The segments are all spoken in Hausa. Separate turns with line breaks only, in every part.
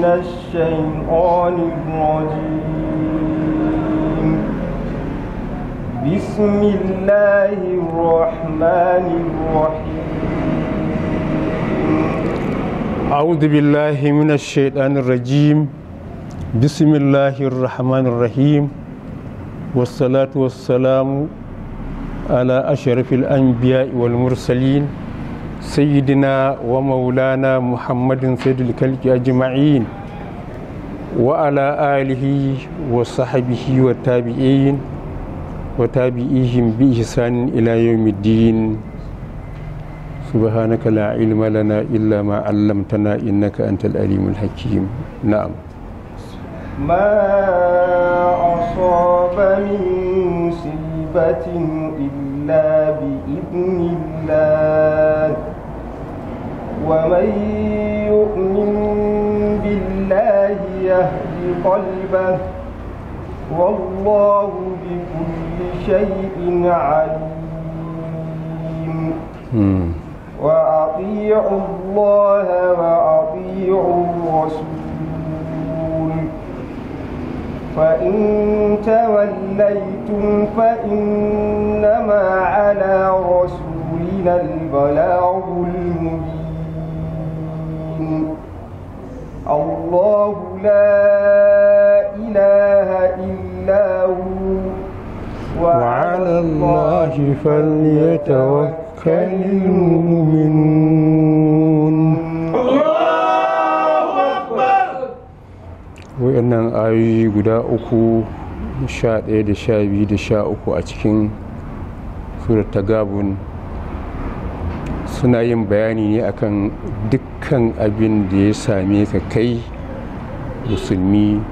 من الشيطان الرجيم بسم الله الرحمن الرحيم
أعوذ بالله من الشيطان الرجيم بسم الله الرحمن الرحيم والصلاة والسلام على أشرف الأنبياء والمرسلين سيدنا ومولانا محمد سيد الكلك أجمعين وعلى آله وصحبه والتابعين وتابعيهم بإحسان إلى يوم الدين سبحانك لا علم لنا إلا ما علمتنا إنك أنت الأليم الحكيم نعم
ما أصاب من مصيبة إلا بإذن الله ومن يؤمن بالله يهد قلبه والله بكل شيء عليم وأطيعوا الله وأطيعوا الرسول فإن توليتم فإنما على رسولنا البلاغ المبين الله لا إله إلا هو
وعلى الله فليتوكل المؤمنون ayoyi guda uku sha ɗaya da sha biyu a cikin surat suna yin bayani ne akan dukkan abin da ya same ka kai musulmi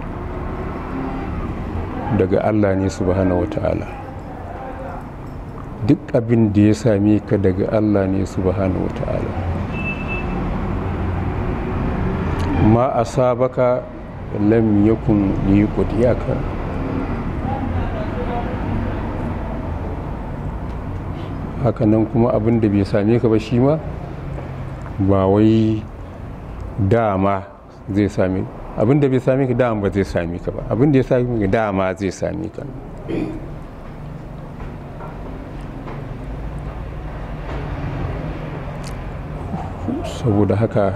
daga allah ne subhanahu wata'ala duk abin da ya same ka daga allah ne subhanahu wata'ala ma asabaka lam yakun li kan. hakanan kuma abin da bai same ka ba shi ma ba wai dama zai same abin da bai same ka dama ba zai same ka ba abin da ya same ka dama zai same ka saboda haka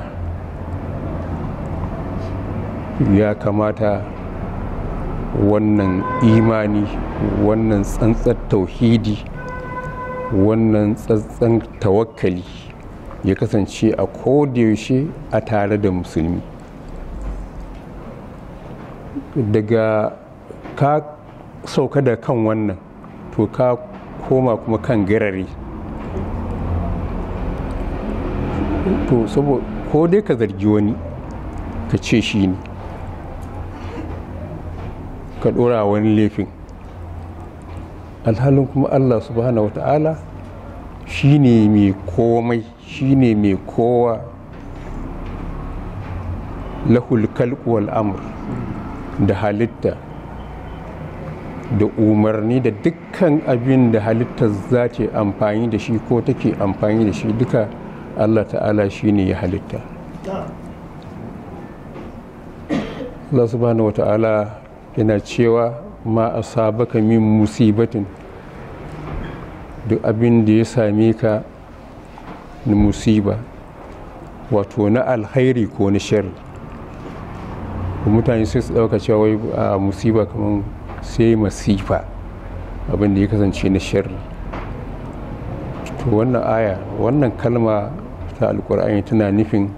ya kamata wannan imani wannan tsantsar tauhidi wannan tsatsan tawakkali ya kasance a kodayaushe a tare da musulmi daga ka sauka da kan wannan to ka koma kuma kan girare to saboda ko dai ka zargi wani ka ce shi ne ka ɗora wani laifin alhalin kuma allah subhanahu wata'ala shi ne mai komai shi ne mai kowa lahul kalkuwal amur da halitta da umarni da dukkan abin da halitta za ce amfani da shi ko take amfani da shi duka allah ta'ala shi ne ya halitta allah subhanahu wata'ala yana cewa ma a ka min musibatin duk abin da ya same ka na musiba wato na alhairi ko na shari mutane sai su dauka cewa a musiba kamar sai masifa abin da ya kasance na shari to wannan aya wannan kalma ta alkur'ani tana nufin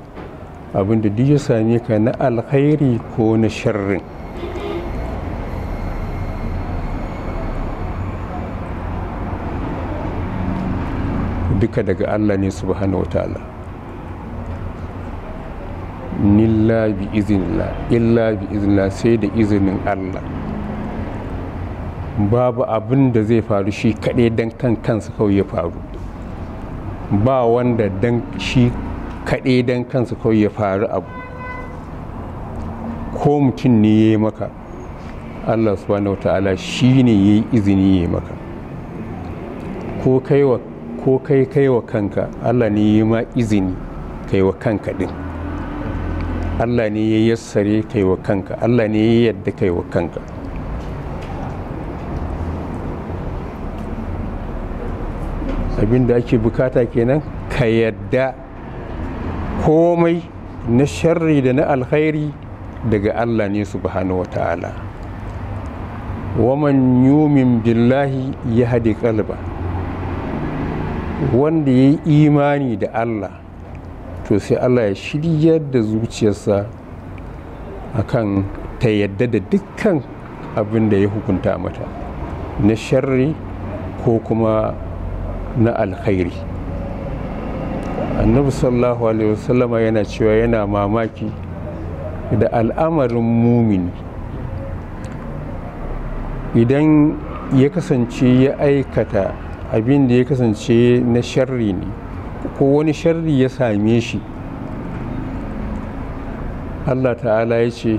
abin da duk ya same ka na alhairi ko na sharrin duka daga Allah ne subhanahu wa ta'ala nilla bi izinillah illa bi izinillah sai da izinin Allah babu abin da zai faru shi kaɗai don kan kansa kawai ya faru ba wanda dan shi kaɗai don kansa kawai ya faru abu ko mutum ne ya yi maka allah subhanahu wa ta'ala shi ne ya yi izini ya yi maka ko kaiwa ko kai kai wa kanka allah ne yi ma izini kai wa kanka din allah ne ya yassare kai wa kanka allah ne ya yadda kai wa kanka abinda ake bukata kenan ka yadda komai na sharri da na alkhairi daga allah ne subhanahu wa ta'ala waman yumin billahi ya haɗe kalba wanda ya yi imani da allah to sai allah ya shiryar da zuciyarsa akan ta yadda da dukkan abin da ya hukunta mata na sharri ko kuma na alkhairi annabi sallallahu alaihi wasallama yana cewa yana mamaki da al'amarin mumini idan ya kasance ya aikata abin da ya kasance na sharri ne ko wani sharri ya same shi allah ta'ala ya ce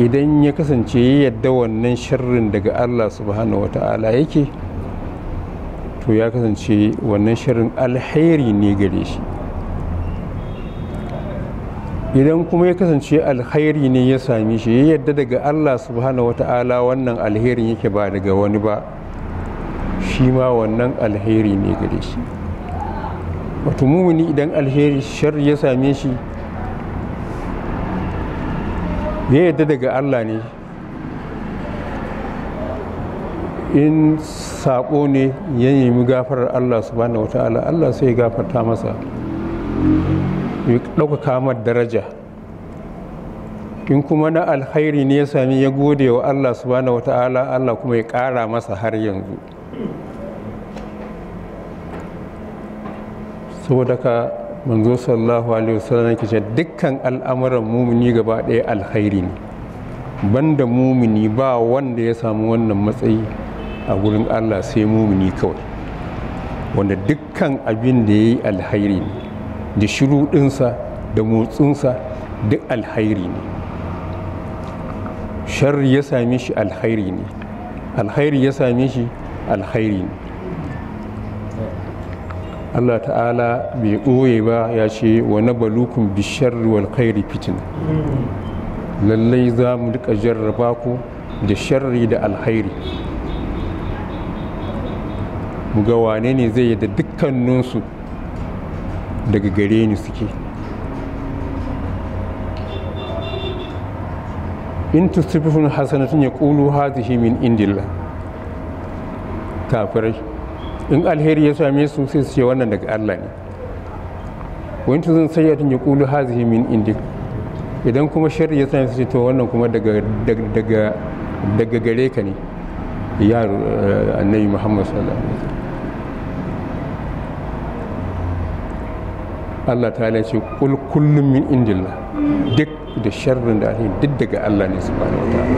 idan ya kasance ya yadda wannan sharrin daga allah subhanahu wa ta'ala yake to ya kasance wannan shirin alheri ne gare shi idan kuma ya kasance alheri ne ya sami shi ya yadda daga allah subhanahu ta'ala wannan alherin yake ba daga wani ba shi ma wannan alheri ne gare shi wato mumuni idan alheri shar ya same shi ya yadda daga allah ne in saƙo ne ya nemi gafarar allah subhanahu wata'ala allah sai ya gafarta masa ya ɗaukaka mar daraja in kuma na alkhairi ne ya sami ya gode wa allah subhanahu wata'ala allah kuma ya ƙara masa har yanzu saboda ka manzo sallallahu alaihi wasallam yake ce dukkan al'amuran mumini gaba ɗaya alkhairi ne banda mumini ba wanda ya samu wannan matsayi a gurin Allah sai mumini kawai wanda dukkan abin da ya yi alkhairi ne da shuruɗinsa da motsinsa duk alkhairi ne shar ya same shi alkhairi ne alkhairi ya same shi alkhairi ne Allah ta'ala bai ɓoye ba ya ce wa na balukun bishar wal khairi fitin lallai za mu duka jarraba ku da sharri da alhairi? mu ga wane ne zai yi da dukkaninsu daga gare ni suke in tusifihun hasanatun ya ƙulu hazihi min indillah kafirai in alheri ya same su sai su ce wannan daga Allah ne wani tuzin sai ya tunye kulu hazihi min indik idan kuma shari ya same su ce to wannan kuma daga gare ka ne ya eh, annabi muhammad sallallahu alaihi wasallam Allah ta ce kul kullum min indila duk da sharrin da ake duk daga Allah ne subhanahu wa ta'ala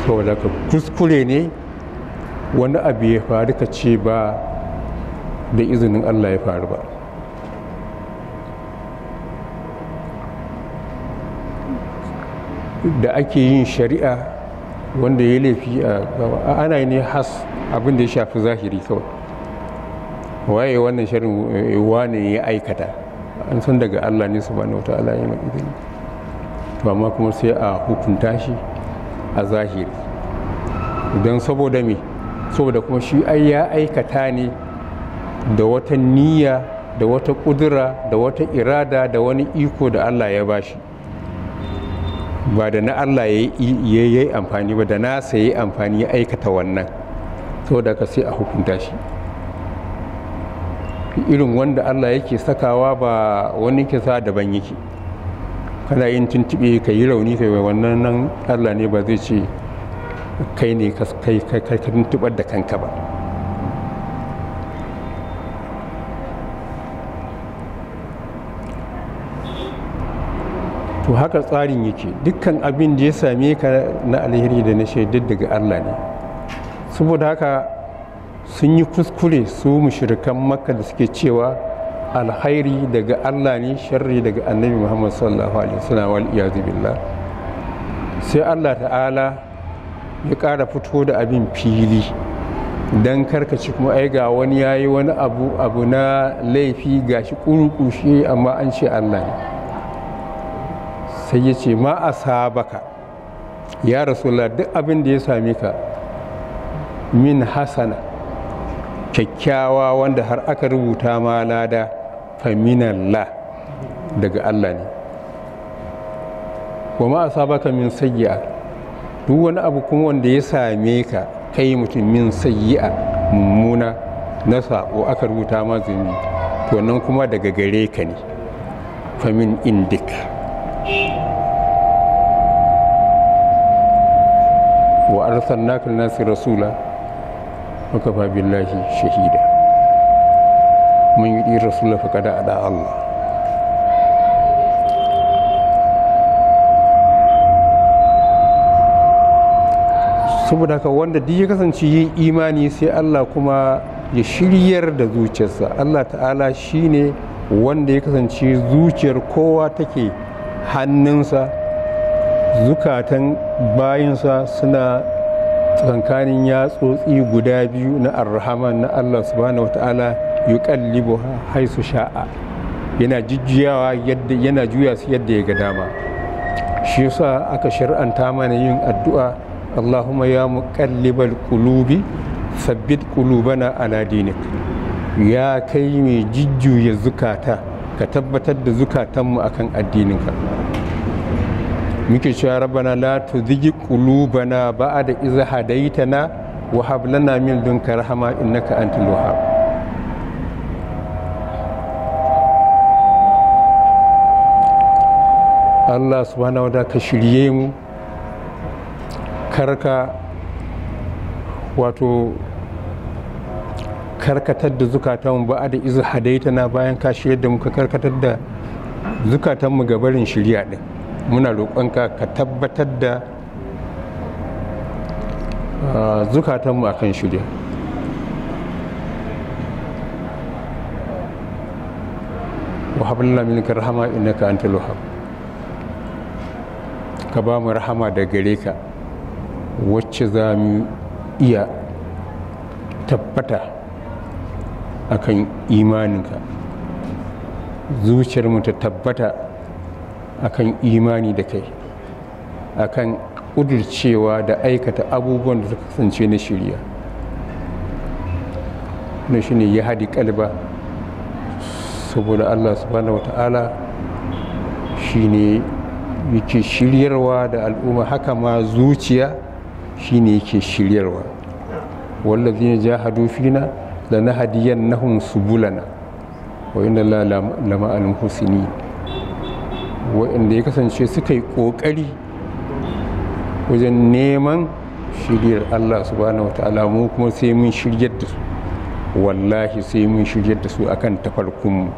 saboda ka kuskure ne wani abu ya faru ka ce ba da izinin allah ya faru ba da ake yin shari'a wanda ya laifi a ana ne has abin da ya shafi zahiri kawai waye wannan shirin eh, wane ya aikata an san daga allah ne na wata ya mai izini to amma kuma sai a hukunta shi a zahiri don saboda me saboda kuma shi ai ya aikata ne da wata niyya da wata kudura da wata irada da wani iko da Allah ya ba shi ba da na Allah ya yi amfani ba da nasa ya yi amfani ya aikata wannan saboda ka sai a hukunta shi irin wanda Allah yake sakawa ba wani kisa daban yake kana yin tuntuɓe ka yi rauni kai wannan nan Allah ne ba zai ce kai ne ka tuntubar da kanka ba to haka tsarin yake dukkan abin da ya same ka na alheri da na shaidar daga allah ne saboda haka sun yi kuskure su mushirikan makka da suke cewa alhairi daga allah ne sharri daga annabi muhammad sallallahu alaihi wasallam wal billah sai allah ta'ala ya ƙara fito da abin fili don karkaci kuma ai ga wani ya yi wani abu na laifi ga shi ƙuruƙushe amma an ce allah ne sai ya ce ma a sabaka ya la duk abin da ya sami ka min hasana kyakkyawa wanda har aka rubuta ma lada faminallah daga allah ne wa ma a sabaka min sayya duk wani abu kuma wanda ya same ka kai mutumin a mummuna na saƙo aka rubuta ma zunubi to nan kuma daga gare ka ne famin indik wa arsalnaka nasi rasula wa kafa billahi shahida mun yi rasula faqada ada Allah saboda haka wanda duk ya kasance yin imani sai Allah kuma ya shiryar da zuciyarsa Allah ta'ala shine wanda ya kasance zuciyar kowa take hannunsa zukatan bayansa suna tsakanin yatsotsi guda biyu na arhaman na Allah subhanahu kalli yuqallibu haisu sha'a yana jujjuyawa yana juya su yadda ya ga dama shi yasa aka shar'anta mana yin addu'a Allahumma ya muƙallib al’ulubi, sabbit ƙuluba na a dini, ya kai mai jijju zukata, ka tabbatar da zukatanmu a kan addininka. Muka shi ya rabana latu zigi ƙuluba na ba a da iza hadaita na wa haɓla na don ka rahama in naka an tilo haɓu. Allah subhanahu wa ta'ala ka shirye mu karka wato karkatar da zukatanmu ba a da izu hadaita na bayan kashi yadda muka karkatar da zukatanmu ga barin shirya ɗin muna roƙonka ka tabbatar da ah, zukatanmu a kan shirya wahabin ka rahama inaka antal wahab ka ba mu rahama da gare ka wacce za mu iya tabbata a kan imaninka zuciyarmu ta tabbata a kan imani da kai a kan ƙudurcewa da aikata abubuwan da ta kasance na shirya na shi ne ya haɗi ƙalba saboda allah subhanahu wata'ala shi ne yake shiryarwa da al'umma haka ma zuciya shine yake shiryarwa wallazina jahadu fina na subulana wa inna allaha lama'al muhsinin wa'inda ya kasance suka yi kokari wajen neman shiryar Allah subhanahu wata mu kuma sai mun shiryar da su wallahi sai mun shiryar da su akan tafarkunmu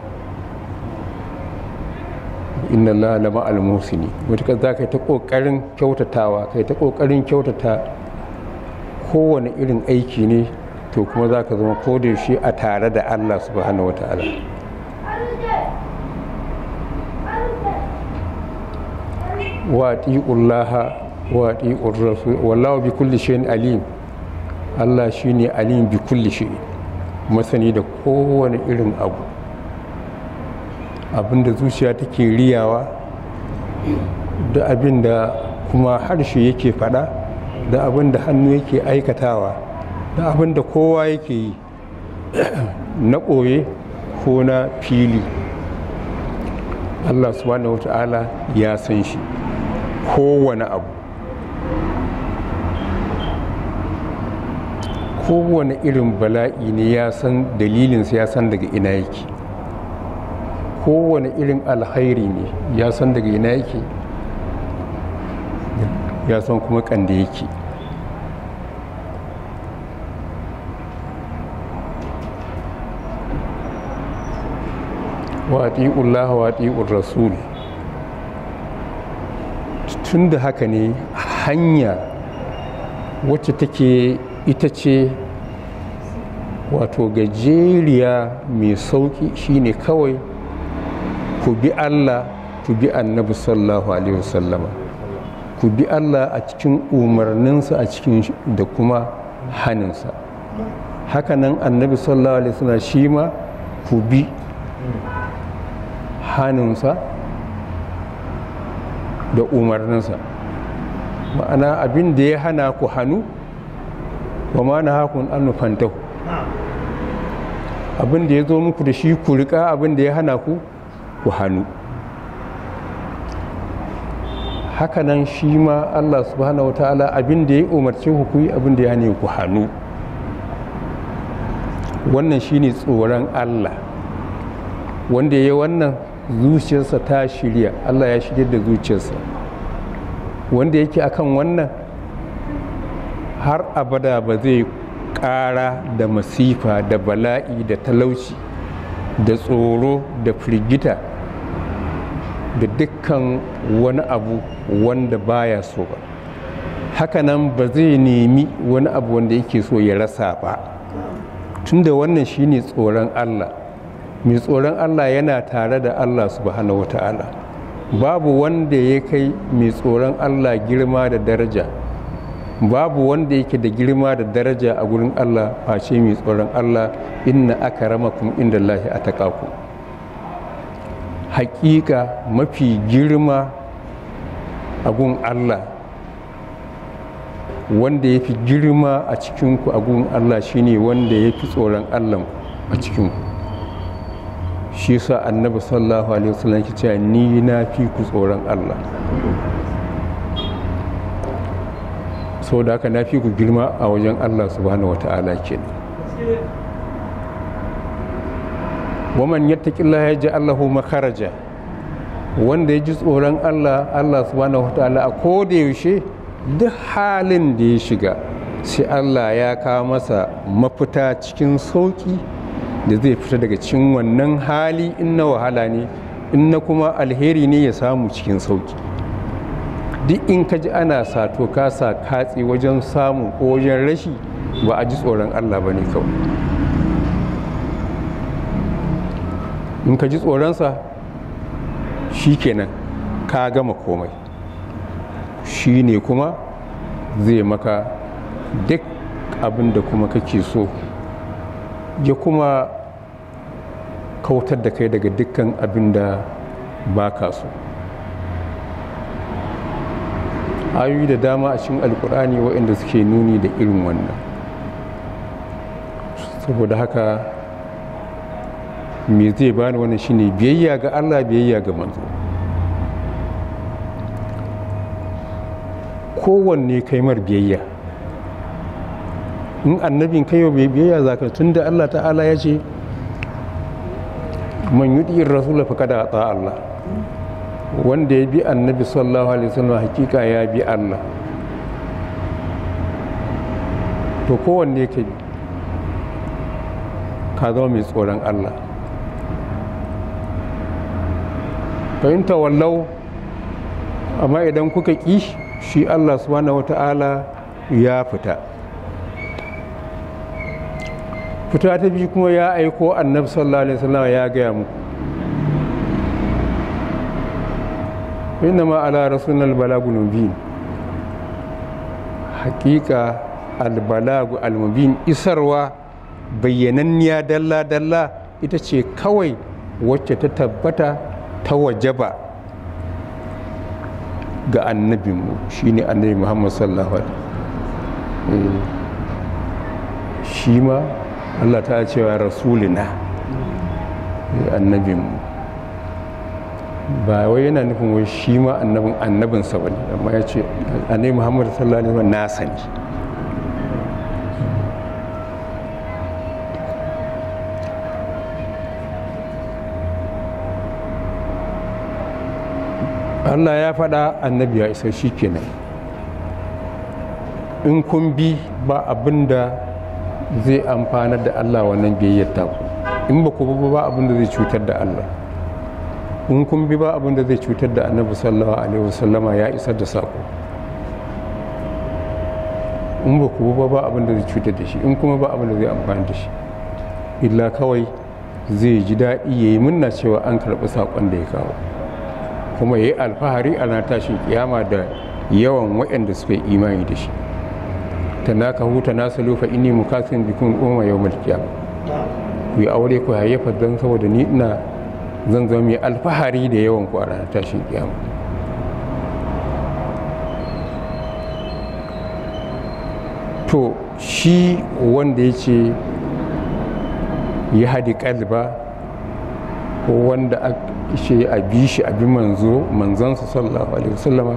inna na lama almusini mutukar za ka yi ta ƙoƙarin kyautatawa ka yi ta ƙoƙarin kyautata kowane irin aiki ne to kuma za ka zama kodin shi a tare da allah su wa wata'ala wa ti'ullaha wa ti'ur wallawa bi kulli shay'in alim allah shi ne alim bi kulli shay'in masani da kowane irin abu abinda zuciya take riyawa da abinda kuma harshe yake fada da abinda hannu yake aikatawa da abinda kowa yake yi na ɓoye ko na fili allah subhanahu wa ta'ala ya san shi kowane abu kowane irin bala'i ne ya san dalilinsa ya san daga ina yake kowane irin alhairi ne ya san daga ina yake ya san kuma kanda yake wati'ullaha rasul tun da haka ne hanya wacce take ita ce wato gajeriya mai sauki shine kawai ku bi Allah ku bi annabi sallallahu alaihi wasallama ku bi Allah a cikin umarninsa a cikin da kuma haninsa hakanan annabi sallallahu alaihi wasallama shi ma ku bi haninsa da umarninsa ma'ana abin da ya hana ku hannu wa ma na hakun an nufantahu abin da ya zo muku da shi ku riƙa abin da ya hana ku ku hannu hakanan shi ma allah subhanahu wata'ala abin da ya yi ku kuyi abin da ya ne ku hannu wannan shine tsoron allah wanda ya wannan zuciyarsa ta shirya allah ya shirya da zuciyarsa wanda yake akan wannan har abada ba zai ƙara da masifa da bala'i da talauci da tsoro da firgita da dukkan wani abu wanda baya so ba hakanan ba zai nemi wani abu wanda yake so ya rasa ba tunda wannan shine tsoron Allah mai tsoron Allah yana tare da Allah subhanahu wata'ala babu wanda ya kai mai tsoron Allah girma da daraja babu wanda yake da girma da daraja a gurin Allah face mai tsoron Allah inna aka rama kuma inda lahi a takaku hakika mafi girma a gun Allah wanda ya fi girma a cikinku a gun Allah shine wanda ya fi tsoron Allah a cikinku shi sa annabi sallallahu alaihi wasallam ke cewa ni na fi ku tsoron Allah da haka na fi ku girma a wajen Allah subhanahu wata'ala kenan waman yattaqillaha yaj'al lahu makharaja wanda ya ji tsoron Allah Allah subhanahu wataala a koda yaushe duk halin da ya shiga sai Allah ya kawo masa mafita cikin sauki da zai fita daga cikin wannan hali in na wahala ne in na kuma alheri ne ya samu cikin sauki duk in ka ji ana sato kasa katse wajen samu ko wajen rashi ba a ji tsoron Allah ba ne kawai in ka ji tsoronsa shi kenan ka gama komai shi ne kuma zai maka duk abin da kuma kake so ya kuma kautar da kai daga dukkan abin da ba ka so ayoyi da dama a cikin alkur'ani waɗanda suke nuni da irin wannan saboda haka me zai bani wannan shine biyayya ga Allah biyayya ga manzo kowanne kai mar biyayya in annabin kai wa biyayya zaka tunda Allah ta'ala ya ce man yudi rasula kada ata Allah wanda ya bi annabi sallallahu alaihi wasallam hakika ya bi Allah to kowanne kai ka zama mai tsoron Allah fahimta wallau amma idan kuka ƙi shi allah subhanahu ta'ala ya fita fita ta biyu kuma ya aiko annabi sallallahu alaihi wasallam ya gaya muku ma ala rasulina albalagu mubin hakika albalagu almubin isarwa bayyananniya dalla-dalla ita ce kawai wacce ta tabbata ta ba ga annabinmu shine annabi muhammad sallallahu alaihi eh, shi ma allah ta cewa rasulina eh, annabinmu ba wai yana nufin wai shi ma annabin annabinsa ba ne amma ya ce annabi muhammad sallallahu alaihi wasallam na sani Allah ya faɗa annabi ya isa shi kenan in kun bi ba abin da zai amfana da Allah wannan biyayyar ku in ba ku bi ba abin da zai cutar da Allah in kun bi ba abin da zai cutar da annabi sallallahu alaihi wasallama ya isar da saƙo in ba ku ba ba abin da zai cutar da shi in kuma ba abin da zai amfani da shi illa kawai zai ji daɗi ya yi munna cewa an karɓi saƙon da ya kawo kuma ya yi alfahari a na tashin kiyama da yawan waɗanda suka yi imani da shi tanaka huta nasalu fa inni mukasin bikum umma yau mulkiya ku yi aure ku hayyafa don saboda ni ina zan zama mai alfahari da yawan ku a ranar tashin kiyama to shi wanda ya ce ya haɗi ƙalba ko wanda ishe a bi shi a bi manzo manzansa sallallahu alaihi wasallama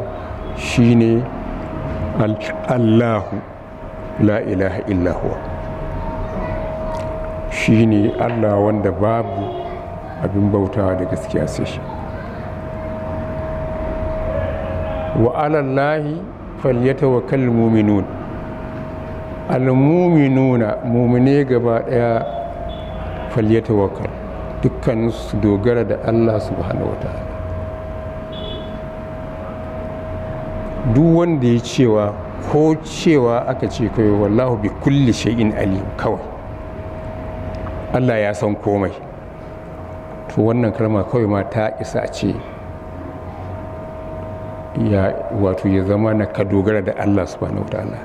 shine allahu la ilaha illahuwa shine allah wanda babu abin bautawa da gaskiya sai shi wa alallahi falyatawakkal mu'minun al mu'minuna mu'mine gaba daya falyatawakkal dukkanin su dogara da Allah subhanahu ta'ala duk wanda ya cewa ko cewa aka ce kai wallahu bi kulli shay'in alim kawai Allah ya san komai to wannan kalma kawai ma ta isa ce ya wato ya zama na ka dogara da Allah subhanahu ta'ala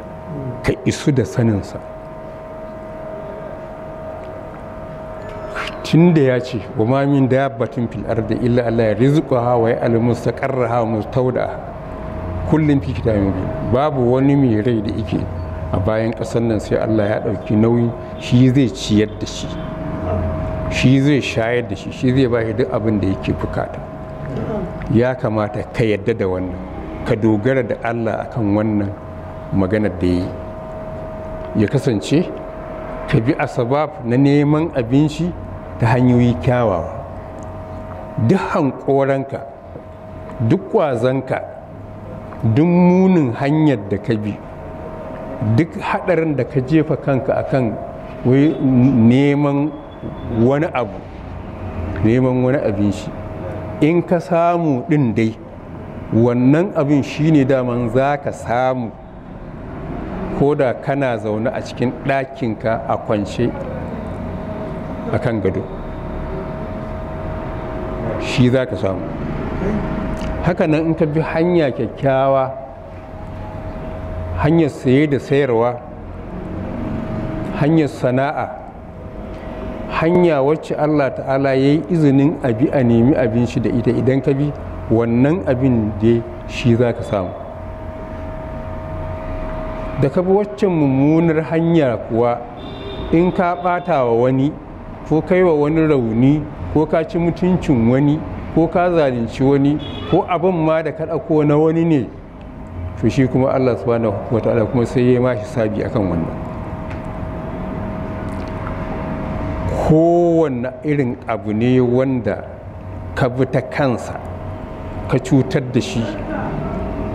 ka isu da sanin sa. tun da ya ce wa da ya batun filar da illa Allah ya wa ya'lamu hawa wa tauda kullum fi yi babu wani mai rai da ike a bayan ƙasar nan sai Allah ya ɗauki nauyi shi zai ciyar da shi shi zai shayar da shi shi zai ba shi duk abin da yake bukata ya kamata ka yadda da wannan ka dogara da Allah akan wannan maganar da ya yi ya kasance ka bi asabab na neman abinci ta hanyoyi kyawawa duk hankoranka duk kwazanka duk munin hanyar da ka bi duk hadarin da ka jefa kanka akan neman wani abu neman wani abin shi in ka samu ɗin dai wannan abin ne daman za ka samu ko da kana zaune a cikin ɗakinka a kwance a kan gado shi za ka samu hakanan in ka bi hanya kyakkyawa hanyar saye da sayarwa hanyar sana'a hanya wacce allah ta'ala ya yi izinin abi a nemi abin shi da ita idan ka bi wannan abin da shi za ka samu da ka bi waccan mummunar hanya kuwa in ka ɓata wa wani ko kai wa wani rauni ko ka ci mutuncin wani ko ka zalunci wani ko abin ma da kaɗa ko na wani ne to shi kuma Allah subhanahu wataala kuma sai ya ma mashi sabi akan wannan kowanne irin abu ne wanda ka bi ta kansa ka cutar da shi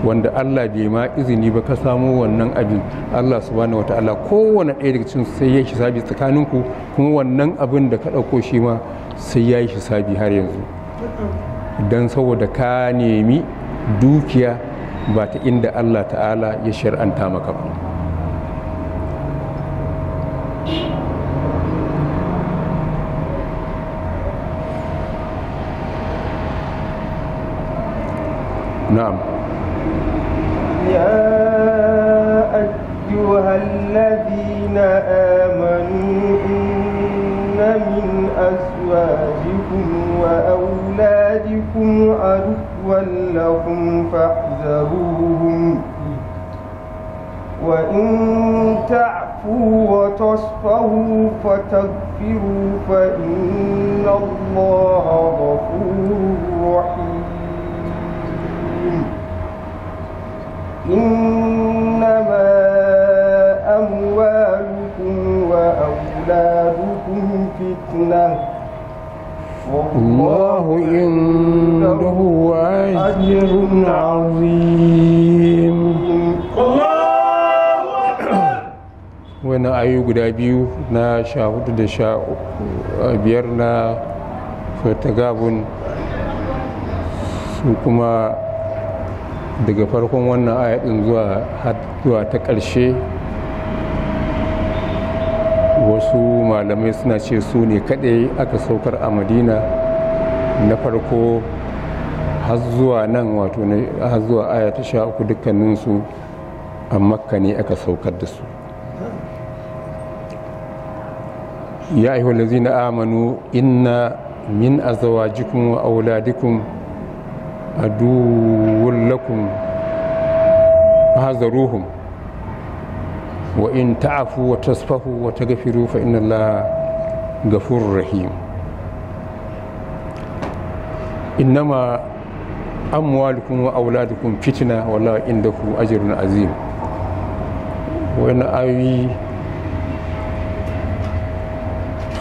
wanda Allah bai ma izini ba ka samu wannan abin Allah subhanahu ala kowane ɗaya daga cikin sai ya hisabi tsakaninku kuma wannan abin da ka ɗauko shi ma sai ya yi hisabi har yanzu don saboda ka nemi dukiya ba ta inda Allah ta'ala ya shar'anta maka ba na'am
يا أيها الذين آمنوا إن من أزواجكم وأولادكم عدوا لهم فاحذروهم وإن تعفوا وتصفهوا فتغفروا فإن الله غفور رحيم إنما أموالكم وأولادكم فتنة والله عنده أجر عظيم
wani ayu guda biyu na sha hudu da sha biyar na fatagabun su kuma daga farkon wannan ayatin zuwa zuwa ta ƙarshe wasu malamai suna ce su ne kaɗai aka saukar a madina na farko har zuwa nan wato har zuwa aya sha uku dukkaninsu a makka ne aka saukar da su ya na amanu inna min azwajikum wa auladikun aduwwun lakum hazaruhum wa in ta'afu wa tasfahu wa gafiru fa inna la gafur rahim innama amwalukum wa auladukum fitna wala ku ajrun azim wani ayoyi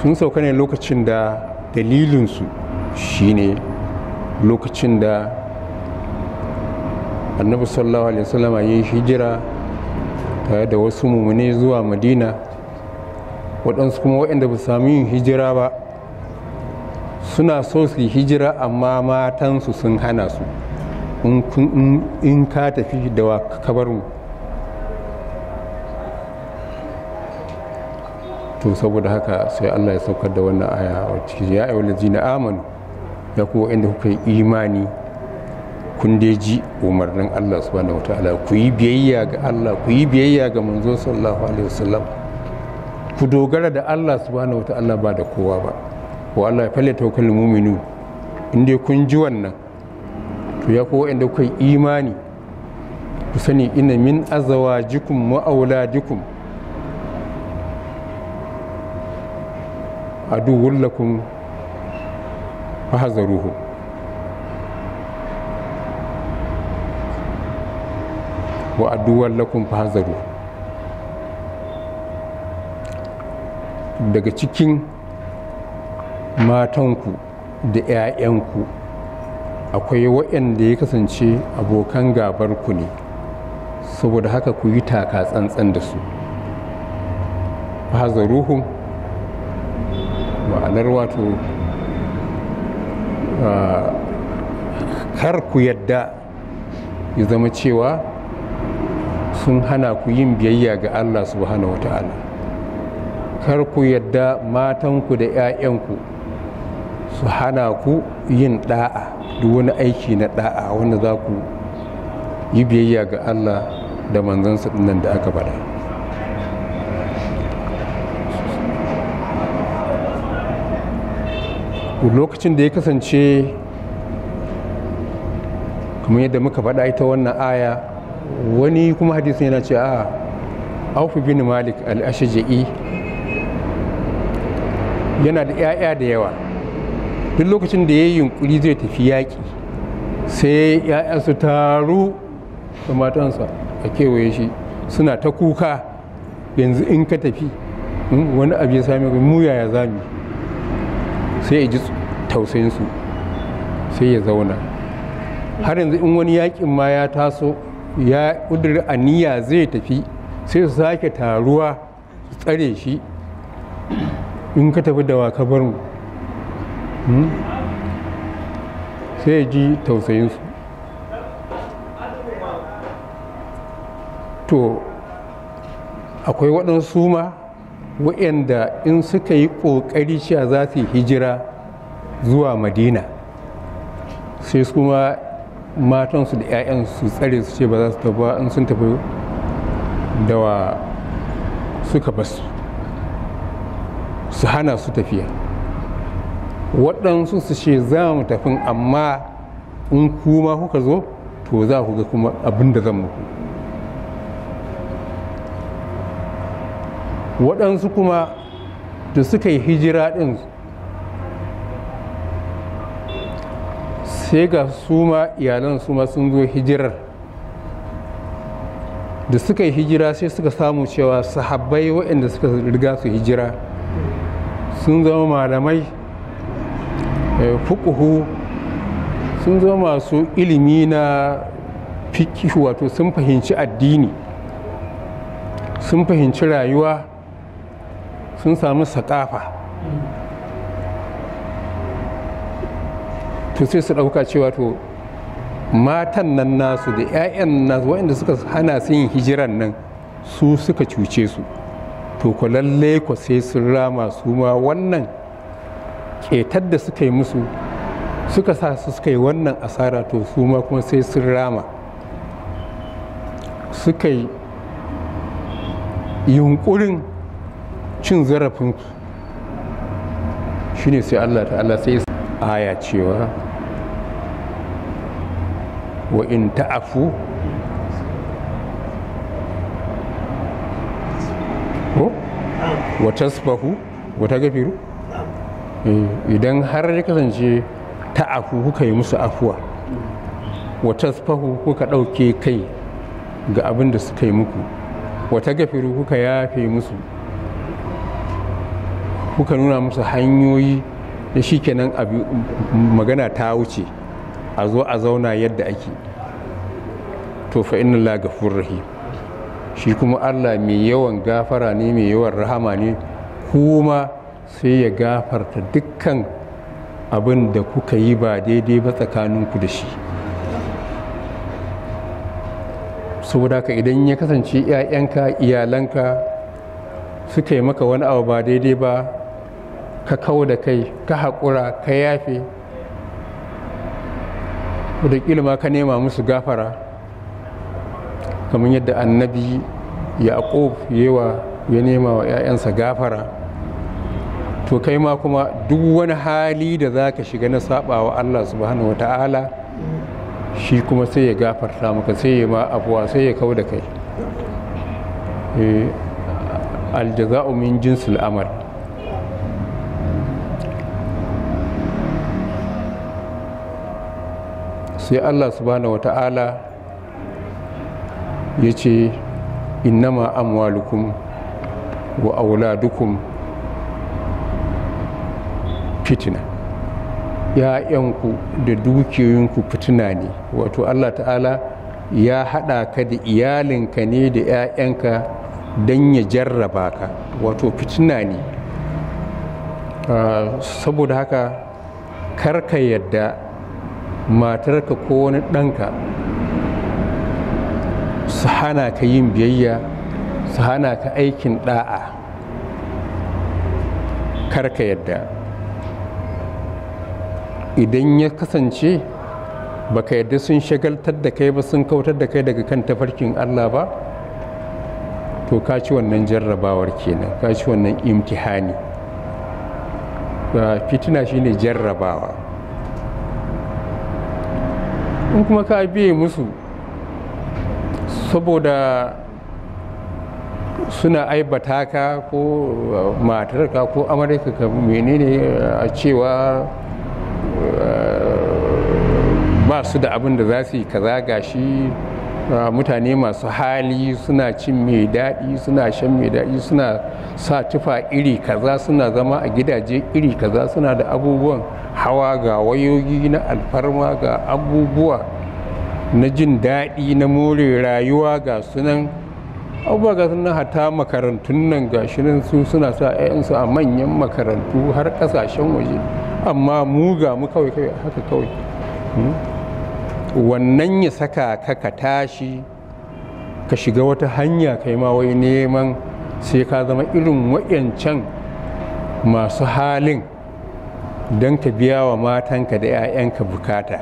sun sauka ne lokacin da dalilinsu shine lokacin da annabi sallallahu alaihi wasallam ya yi hijira tare da wasu mumuni zuwa madina waɗansu kuma waɗanda ba samu yin hijira ba suna so su yi hijira amma matansu sun hana su in ka tafi da kabarmu to saboda haka sai allah ya saukar da wannan aya a cikin ya ayyuhal ladina amanu ya kuwa inda kuka yi imani kun dai ji umarnin Allah subhanahu ta'ala ku yi biyayya ga Allah ku yi biyayya ga manzo sallallahu alaihi wasallam ku dogara da Allah subhanahu ta'ala ba da kowa ba wa Allah ya falle tawakkal mu'minu in dai kun ji wannan to ya kowa inda kuka imani ku sani ina min azwajikum wa auladikum aduwwul lakum fahzaruhum wa aduwar fahazaru daga cikin matanku da 'ya'yanku akwai waɗanda ya kasance abokan ku ne saboda haka ku yi taka tsantsan da su fahazaruhum ma'anar wato ah, kar ku yadda ya zama cewa sun hana ku yin biyayya ga Allah subhanahu wata'ala kar ku yadda matanku da 'ya'yanku su hana ku yin ɗa'a duk wani aiki na ɗa'a wanda za ku yi biyayya ga Allah da manzansa nan da aka bada lokacin da ya kasance kamar yadda muka faɗa ita wannan aya wani kuma hadisi yana ce a ah, aufi bin malik al ashajii yana da 'ya'ya da yawa duk lokacin da ya yi yunkuri zai tafi yaƙi sai 'ya'ya su taru da matansa a kewaye shi suna ta kuka yanzu in ka tafi hmm, wani abu ya sami mu yaya zami sai ya ji tausayinsu sai ya zauna har yanzu in wani yaƙin ma ya taso ya ƙudurin aniya zai tafi sai su sake taruwa su tsare shi in ka tafi da waka bar mu hmm? sai ya ji tausayinsu to akwai waɗansu ma waɗanda in suka yi ƙoƙari cewa za su yi hijira zuwa madina sai kuma matansu da 'ya'yan su tsare su ce ba za su tafi ba in sun tafi dawa suka basu su hana su tafiya waɗansu su ce za mu tafin amma in kuma kuka zo to za ku ga kuma abin da zan muku waɗansu kuma da suka yi hijira ɗin sai ga su ma iyalan su ma sun zo hijirar da suka yi hijira sai suka samu cewa sahabbai waɗanda suka riga su hijira sun zama malamai eh, fukuhu sun zama masu ilimi na fikihu wato sun fahimci addini sun fahimci rayuwa sun samu sakafa to sai su ɗauka cewa to matan nan nasu da 'ya'yan nasu waɗanda suka hana su yin hijiran nan su suka cuce su to ku lallai ku sai sun rama su ma wannan ƙetar da suka yi musu suka sa su suka yi wannan asara to su ma kuma sai sun rama suka yi yunkurin cin zarafin shi shine sai allah ta'ala sai aya cewa wa in ta'afu ko wa tasbahu wa tagfiru eh, idan har ya kasance ta ta'afu kuka yi musu afuwa wa tasfahu kuka ɗauke kai ga abin da suka yi muku wa tagfiru kuka yafe musu kuka nuna musu hanyoyi da shi kenan magana ta wuce a zo a zauna yadda ake to fa inna la gafur rahim shi kuma Allah mai yawan gafara ne mai yawan rahama ne kuma sai ya gafarta dukkan abin da kuka yi ba daidai ba tsakaninku da shi saboda ka idan ya kasance 'ya'yanka iyalanka suka yi maka wani abu ba daidai ba ka kawo da kai ka haƙura ka yafe wataƙila ma ka nema musu gafara kamar yadda annabi yaƙob yewa ya nema wa 'ya'yansa gafara to kai ma kuma duk wani hali da za ka shiga na saɓawa allah subhanahu wa ta'ala shi kuma sai ya gafarta maka sai ya ma abuwa sai ya kau da kai eh, aljazaumin min jinsul amal sai allah subhanahu wata'ala ya ce innama amwalukum wa auladukum fitina ‘ya'yanku da dukiyoyinku fitina ne wato allah ta'ala ya haɗa ka da iyalinka ne da ‘ya'yanka don ya jarraba ka wato fitina ne ah, saboda haka karka yadda matarka ko wani ɗanka su hana ka yin biyayya su hana ka aikin ɗa'a karka yadda idan ya kasance baka yadda sun shagaltar da kai ba sun kautar da kai daga kan tafarkin Allah ba to ka ci wannan jarrabawar kenan ka ci wannan imtihani fitina shine jarrabawa in kuma ka biye musu saboda suna aibata ka ko uh, matarka ko amurka ka menene a uh, cewa uh, ba su da abin da za su yi kaza gashi mutane masu hali suna cin mai daɗi suna shan mai daɗi suna sa tufa iri kaza suna zama a gidaje iri kaza suna da abubuwan hawa ga wayoyi na alfarma ga abubuwa na jin daɗi na more rayuwa ga sunan abubuwa ga sunan hata makarantun nan ga shirin su suna sa 'ya'yansu a manyan makarantu har ƙasashen waje amma mu ga mu kawai kawai haka kawai hmm? wannan ya saka ka ka tashi ka shiga wata hanya ka ma wai neman sai ka zama irin wayancan masu halin don ka biya wa matanka da 'ya'yanka bukata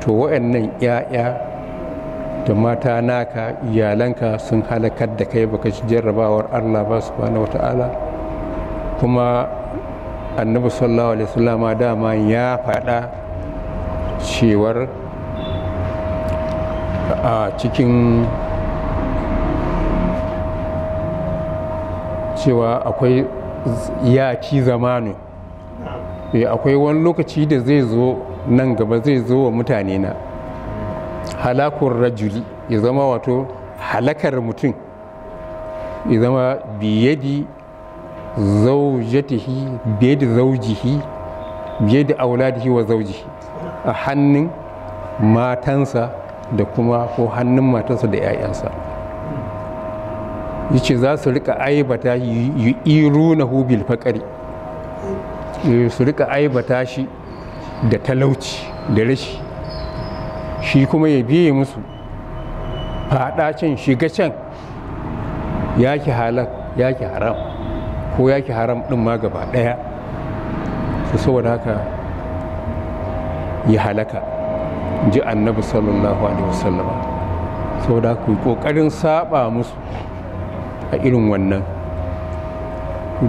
to wayannan 'ya'ya da mata naka iyalanka sun halakar da kai baka ci jarrabawar allah ba bane wata'ala kuma annabi sallallahu alaihi wasallama dama ya faɗa cewar a cikin cewa akwai ya ci zamanu eh, akwai wani lokaci da zai zo nan gaba zai zo wa mutane na halakun rajuli ya zama wato halakar mutum ya zama biye zaujatihi biyadi zaujihi da auladihi wa zaujihi a hannun matansa da kuma ko hannun matansa da 'ya'yansa yace za su rika aibata yi iru na hubil fakari eh, su rika aibata shi da talauci da rashi shi kuma ya biye musu fada can shiga can halar ya yaki haram ko ya ki haram din ma gaba daya saboda haka ya halaka ji annabi sallallahu alaihi wasallama saboda ku kokarin saba musu a irin wannan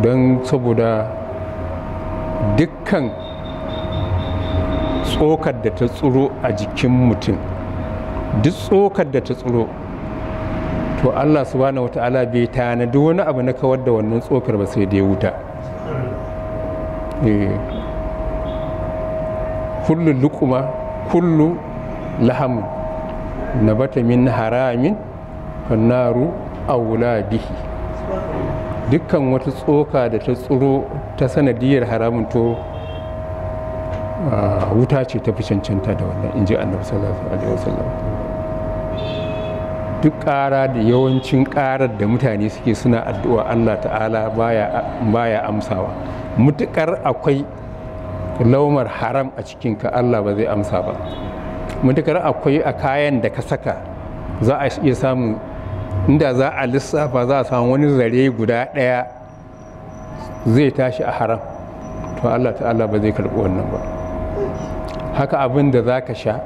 don saboda dukkan tsokar da ta tsoro a jikin mutum duk tsokar da ta tsiro to allah subhanahu ala bai tanadi wani abu na kawar da wannan tsokar ba sai ya wuta eh. kullu lukuma kullu laham na bata min haramin fannaru aula bihi dukkan wata tsoka da ta tsoro ta sanadiyar haramun to ah, wuta ce ta fi cancanta da wannan inji annabi sallallahu alaihi wasallam duk ƙara da yawancin ƙarar da mutane suke suna addu'a Allah ta'ala baya amsawa mutukar akwai laumar haram a cikinka Allah ba zai amsa ba mutakar akwai a kayan da ka saka za a iya samu inda za a lissafa za a samu wani zare guda ɗaya zai tashi a haram to Allah ta'ala ba zai karɓi wannan ba haka abin da za ka sha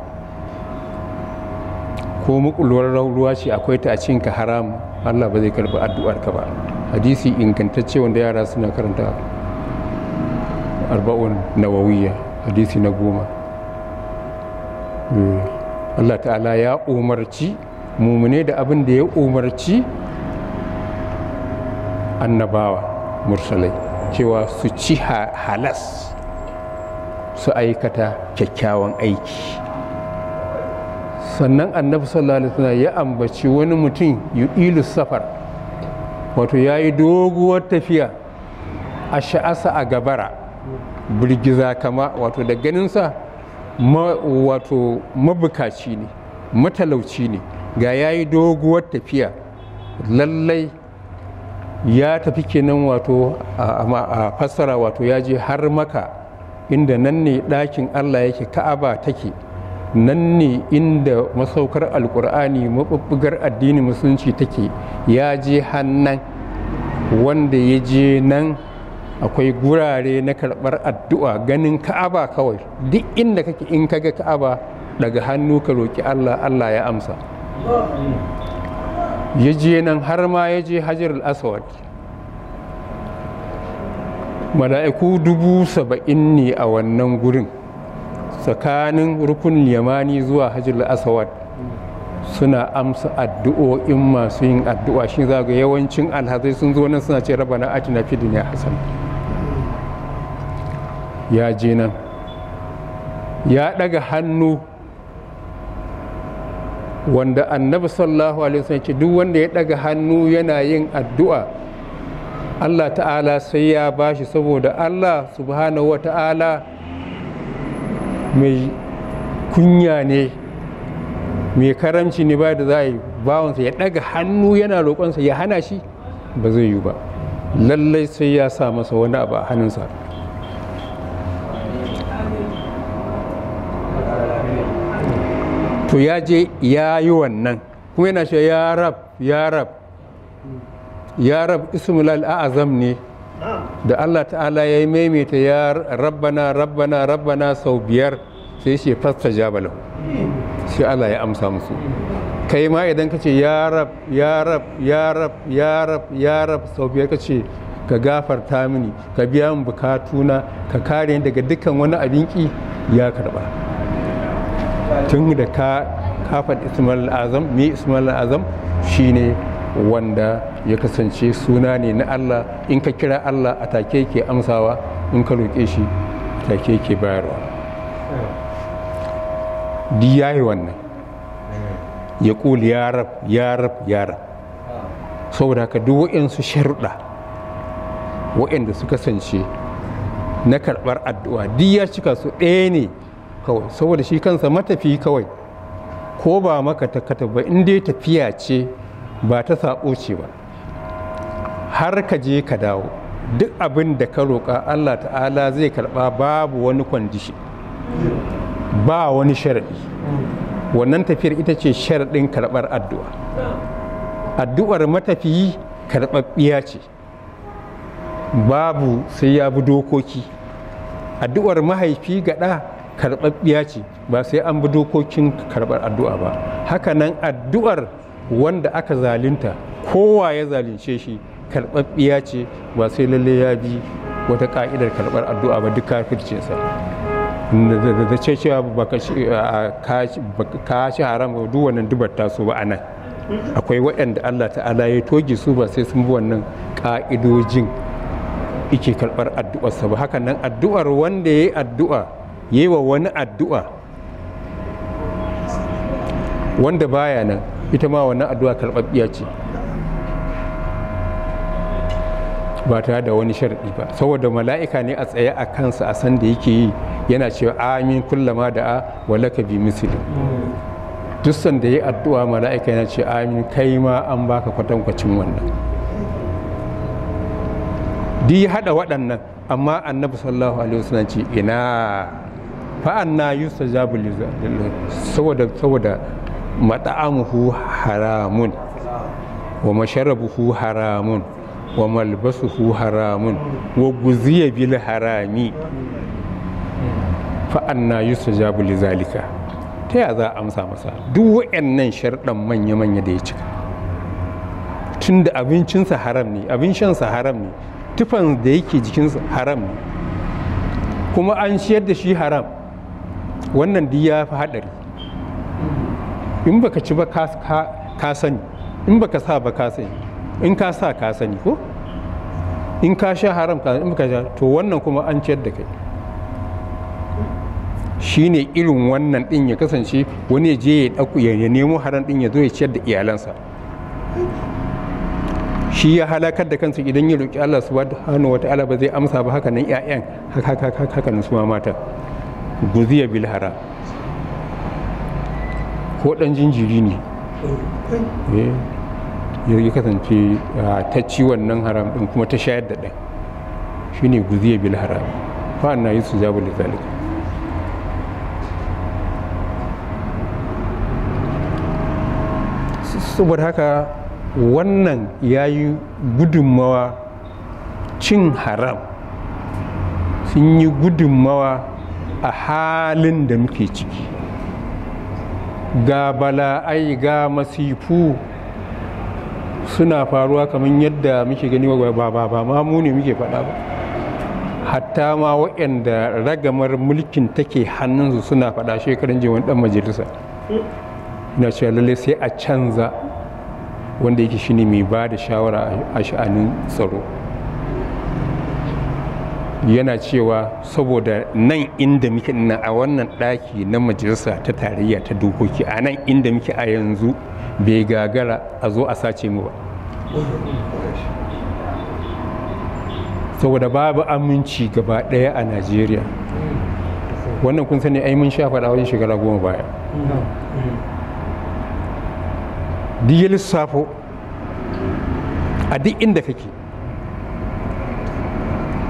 ko mukulwar ruwa ce akwai ta a cinka haram Allah ba zai karɓi addu'arka ba hadisi ingantacce wanda yara suna karanta arba'un nawawiya hadisi na goma eh, Allah ta'ala ya umarci mumune da abin da ya umarci annabawa mursalai cewa su ci halas su aikata kyakkyawan aiki sannan annabi sallallahu alaihi ya ambaci wani mutum yu'ilu safar wato yayi doguwar tafiya a sha'asa a gabara birgiza kama wato da ganinsa wato mabukaci ne matalauci ne ga yayi doguwar tafiya lallai ya tafi kenan wato a fassara wato ya je har maka inda nan ne ɗakin allah yake ka'aba take nan ne inda masaukar alkur'ani maɓuɓɓugar addinin musulunci take ya je hannan wanda ya je nan akwai gurare na karɓar addu'a ganin ka'aba kawai duk inda kake in kaga ka'aba daga hannu ka roƙi Allah Allah ya amsa ya je nan har ma ya je hajar al'aswad mala'iku dubu saba'in ne a wannan gurin tsakanin rukun yamani zuwa hajar al'aswad suna amsa addu'o'in masu yin addu'a shi zaga yawancin alhazai sun zo nan suna ce rabana atina fid duniya hasan. ya je nan ya ɗaga hannu wanda annabi sallallahu alaihi wasallam ce duk wanda ya ɗaga hannu yana yin addu'a Allah ta'ala sai ya bashi saboda Allah subhanahu wa ta'ala mai kunya ne mai karamci ne ba da za a yi bawansa ya ɗaga hannu yana roƙonsa ya hana shi ba zai yi ba lallai sai ya sa masa wani abu a hannunsa to ya je ya yi wannan kuma yana shi ya rab ya rab ya rab al'azam ne da Allah ta'ala ya yi maimaita ya rabbana rabbana rabbana sau biyar sai shi fasta jabalau shi Allah ya amsa musu kai ma idan ka ce ya rab ya rab ya rab ya rab ya rab sau biyar ka ce ka gafarta mini ka biya min bukatuna ka kare daga dukkan wani abin ki ya karba tun da ka kafa ismail azam mi ismail azam shine wanda ya kasance suna ne na allah in ka kira allah a take ke amsawa in ka roƙe shi take ke bayarwa di ya yi wannan ya ƙuli ya rab ya rab ya saboda haka duk waɗansu sharuɗa waɗanda su kasance na karɓar addu'a duk cika su ɗaya ne kawai saboda shi kansa matafi kawai ko ba maka takata ba in dai tafiya ce ba ta saɓo ce ba har ka je ka dawo duk abin da ka roƙa Allah ta'ala zai karɓa babu wani kwandishi ba wani sharaɗi wannan tafiyar ita ce sharaɗin karɓar addu'a addu'ar matafiyi karɓaɓɓiya ce babu sai ya bi dokoki addu'ar mahaifi gaɗa. karɓaɓɓiya ce ba sai an bi dokokin karɓar addu'a ba hakanan addu'ar wanda aka zalunta kowa ya zalunce shi karɓaɓɓiya ce ba sai lalle ya bi wata ka'idar karɓar addu'a ba duk sa da ce cewa ba ka haram duk wannan dubar taso ba anan. akwai waɗanda allah ta'ala ya toge su ba sai sun bi wannan ka'idojin ike karɓar addu'arsa ba hakanan addu'ar wanda ya yi addu'a yi wa wani addu'a wanda baya nan ita ma wannan addu'a karɓaɓɓiya ce ba tare da wani sharaɗi ba saboda mala'ika ne a tsaye a kansa a sanda yake yi yana cewa amin kullama da a walaka bi misali duk sanda ya addu'a mala'ika yana ce amin kai ma an baka kwatankwacin wannan duk ya haɗa waɗannan amma annabi sallallahu alaihi wasallam ce ina Fa'an fa'anna yustajabu zabuli saboda saboda mat'amuhu haramun wa masharabuhu haramun wa malbasuhu haramun wa guziya bil harami fa'anna yustajabu zabuli zalika ta ya za a amsa masa duk nan sharɗan manya-manya da ya cika tun da abincinsa haram ne abincinsa haram ne tufan da yake jikinsa haram ne kuma an shiyar da shi haram wannan duk ya fi haɗari in baka ci ba ka sani in baka sa ba ka sani in ka sa ka sani ko in ka sha haram ka in baka sha to wannan kuma an ciyar da kai shine irin wannan din ya kasance wani ya je ya dauko ya nemo haram din ya zo ya ciyar da iyalansa shi ya halakar da kansa idan ya roki Allah subhanahu wataala ba zai amsa ba haka nan 'ya'yan haka haka haka su mata guziya bilhara ko dan jinjiri ne eh, eh, ya kasance ah, ta ci wannan haram ɗin kuma ta shayar da ɗan shine guziya bilhara fa'an na yi su zabu lizalika saboda haka wannan ya yi gudunmawa cin haram sun yi gudunmawa a halin da muke ciki ga bala'ai ga masifu suna faruwa kamar yadda muke gani ba ba ma mu ne muke faɗa ba hatta ma waɗanda ragamar mulkin take hannunsu suna faɗa shekarun jiwon ɗan majalisa na cewa lalle sai a canza wanda yake ne mai ba da shawara a sha'anin tsaro yana cewa saboda nan inda muke na a wannan ɗaki na majalisa ta tarayya ta dokoki a nan inda muke a yanzu bai gagara a zo a sace mu ba saboda babu aminci gaba ɗaya a najeriya wannan kun sani ai mun sha faɗa wajen shekara goma baya duk ya a duk inda kake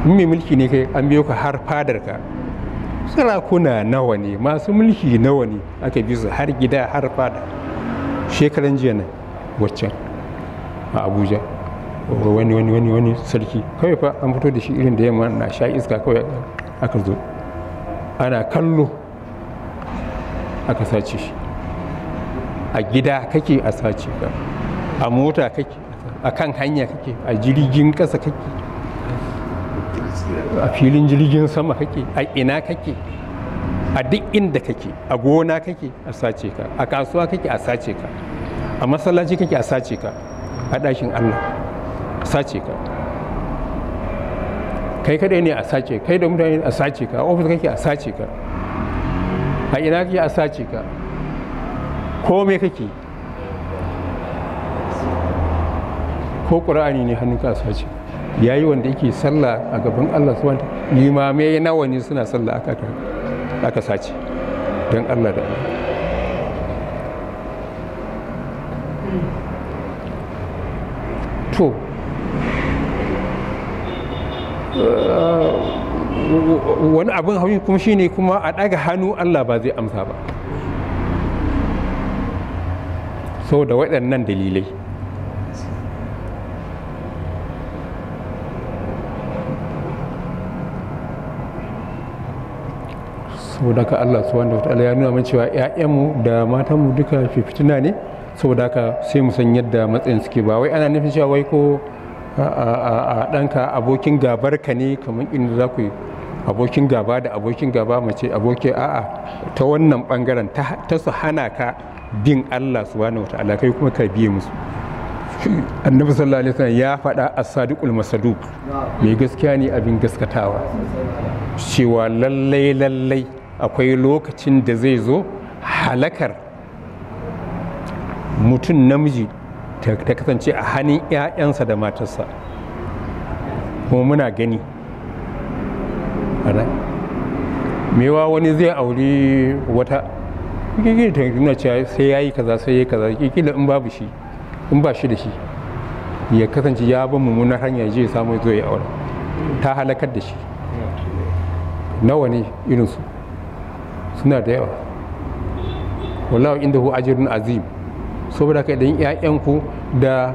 mai mulki ne kai an biyo ka har fadarka sarakuna nawa ne masu mulki nawa ne aka bi su har gida har fada shekaran jiya nan waccan a abuja wani wani wani wani sarki kawai fa an fito da shi irin da yamma na sha iska kawai aka zo ana kallo aka sace shi a gida kake a sace ka a mota kake a kan hanya kake a jirgin kasa kake a filin jirgin sama kake a ina kake a duk inda kake a gona kake a sace ka a kasuwa kake a sace ka a masallaci kake a sace ka a ɗakin allah a sace ka kai kadai ne a sace kai da mutane a sace ka a ofis kake a sace ka a ina kake a sace ka ko me kake ko ƙura'ani ne hannunka a sace ka ya yi wanda yake sallah a gaban allah su wanda limamai nawa ne suna sallah aka sace don allah da to uh, wani abin hauyi kuma shine kuma a ɗaga hannu allah ba zai amsa ba sau da waɗannan dalilai saboda haka Allah subhanahu wataala ya nuna mana cewa ƴaƴanmu da matanmu duka fitina ne saboda haka sai mu san yadda matsayin suke ba wai ana nufin cewa wai ko a ɗanka abokin gabar ka ne kamar inda za ku yi abokin gaba da abokin gaba mace aboki a'a ta wannan bangaren ta su hana ka bin Allah subhanahu wataala kai kuma ka biye musu annabi sallallahu alaihi wasallam ya faɗa as-sadiqul masaduq mai gaskiya ne abin gaskatawa cewa lallai lallai akwai lokacin da zai zo halakar mutum namiji ta kasance a hannun 'ya'yansa da matarsa kuma muna gani mewa wani zai auri wata kikili ta nuna cewa sai ya yi kaza sai ya yi kaza kikili in babu shi in ba shi da shi ya kasance ya ban mummunan hanyar je samu zo ya aure ta halakar da shi nawa ne irinsu suna da yawa wallahu inda hu ajirun azim saboda ka idan ƴaƴanku da